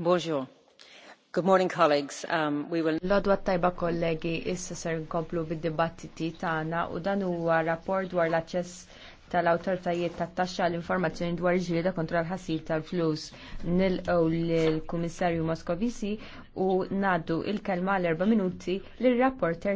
Bonjour. Good morning, colleagues. Um, we will... Lodwa tajba kollegi, issa ser nkomplu bid-dibattiti tagħna u dan huwa rapport dwar l-aċċess tal-awtoritajiet tat-taxxa l-informazzjoni dwar ġlieda kontra l-ħasil tal-flus nilqgħu lill-Kummissarju Moscovici u ngħaddu il-kelma l-erba' minuti lir-rapporter